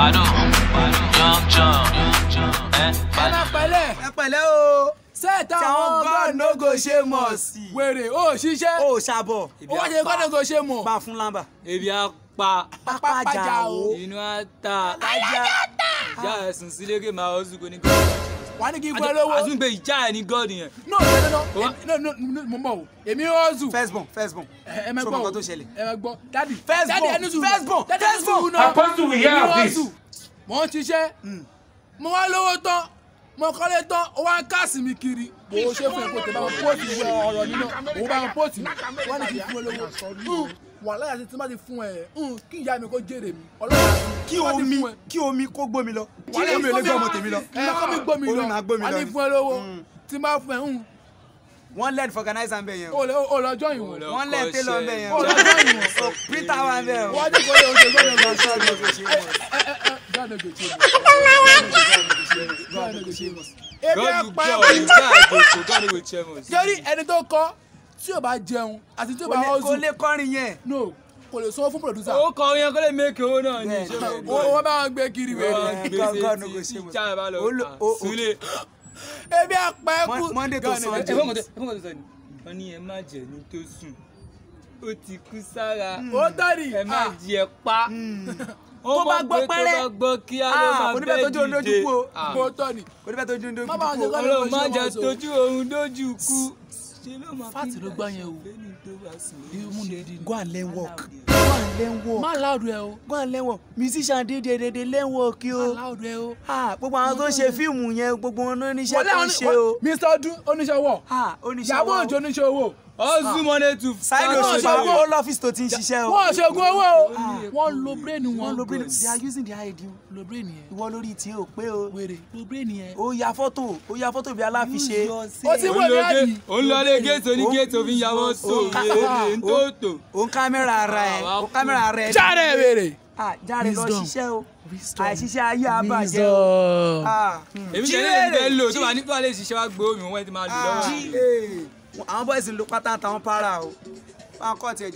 Pado, jump, jump. ẹ pẹ̀lẹ́. ẹ pẹ̀lẹ́ o ṣé táwọn gọ́ọ̀nógò ṣe mọ̀ sí. wèrè ó ṣiṣẹ́. ó ṣàbọ̀. ó wá ṣe gọ́ọ̀nógò ṣe mọ̀. bá a fún lámbà. èbí á pa. pápá jà o. inú á ta. ajá. ajá ẹ̀sùn sílé kí màá ó sùn kò ní kí wà ní kí n fún ẹ lówó. àtúntò ìjà ẹ ní god yẹn. no no no mo mọ o èmi ọ̀zù. first born first born. ẹ mẹ gbọ́ o ẹ mẹ gbọ́ dadi. first born first born first born. apostle we hear mo ń ṣiṣẹ́ hmm. mo wá lówó tán mo kọ́lé tán ó wá káàsì mi kiri bó o ṣe fún ẹ kó tẹ bá wọn póòtù ọ̀rọ̀ nínú òun bá wọn póòtù wọn ní kí n fún olówó wàhálà yàtí tí má ti fún ẹ kí ìyá mi kó jèrè mi kí omi kí omi kó gbómi lọ kí omi ò lè gbọ́ ọmọ tèmi lọ omi gbómi lọ a ní fún ẹ lówó tí má fún ẹ wọ́n lẹ́ẹ̀dì fọ̀gánáìsà ń yẹn o. olọ́jọ́ yìí wọ́n. wọ́n lẹ́ẹ̀ télọ̀ ń yẹn o. olọ́jọ́ yìí wọ́n. so peter wa ń bẹ̀ o. wọ́n á dé kó yẹ oṣù lọ́dọ̀ lọ sí ọ̀dọ̀ gbèsè mọ̀. gbàdọ̀ gbèsè mọ̀. ebi apá ẹ̀ mọ̀. gbàdọ̀ gbèsè mọ̀. torí ẹni tó kọ́ tí o bá jẹun àti tí o bá ọzù. kò lè kọrin yẹn. no kò lè sọ fún producer. o kọ yẹn kò lè mẹ́kẹ̀ owó náà ní ìṣòro. owó bá ń gbé kiri wẹ̀rẹ̀. gangan ní kò sí mu. ìjà ìbá lọ ah, sílẹ̀. ebi apá ẹkú. monday tó sọ jẹ. wọ́n ní ẹ má jẹ ní tó sùn o ti kú sára. o hmm. tọ́rì ẹ má ah. jẹ pa. o hmm. bá gbọ́ pẹ́rẹ́ tó bá gbọ́ kí á ló ah, máa bẹ́ẹ̀ dìde. oníbẹ̀ tó jó lójú kú o. o tọ́rì. oníbẹ̀ tó jó lójú kú o. má bàa jẹ́ kó lójú kú fat ló gbá yẹn o you need go and learn work lẹ́wọ̀n. má láòdù ẹ o. gbọ́n lẹ́wọ̀n musician dídé dédé lẹ́wọ̀n kí o. má láòdù ẹ o. gbogbo àwọn tó ń ṣe fíìmù yẹn gbogbo wọn oníṣẹ́ tó ń ṣe o. Mr. Ọdún oníṣẹ́ ọwọ́. Ìyábọ̀ Òjó oníṣẹ́ owó. ọ̀sùn mọ́lẹ̀ tù. sáyidò ṣègùn owó lọ́fíìsì tó ti ń ṣiṣẹ́ o. wọ́n ṣègùn owó o. wọ́n lo brain wọn. wọ́n lo brain they are using their head. lo brain yẹn. ìwọ lórí tí o pé o. wèrè lo brain yẹn. ó ya fọ́tò ó ya fọ́tò bí aláfiṣe. ó ti wọ ní àdì. òun lọ lé géètì oní géètì òfin yàwó sóòrè ní tòótò. òun kámẹ́rà ara ẹ̀ o kámẹ́rà rẹ. jáde wèrè. jáde lọ ṣiṣẹ́ o àìṣiṣẹ́ ayé abàjẹ́ o. Hmm. èmi tẹ̀lé ẹ̀ fẹ́ lò tó bá ní bọ́ọ̀lù ìṣiṣẹ́ wa gbé omi wọ́n ti máa lò lọ́wọ́. àwọn bọ́ọ̀sì ń lo pátá àtàwọn para o. wọn kọ́ ẹ̀jẹ̀.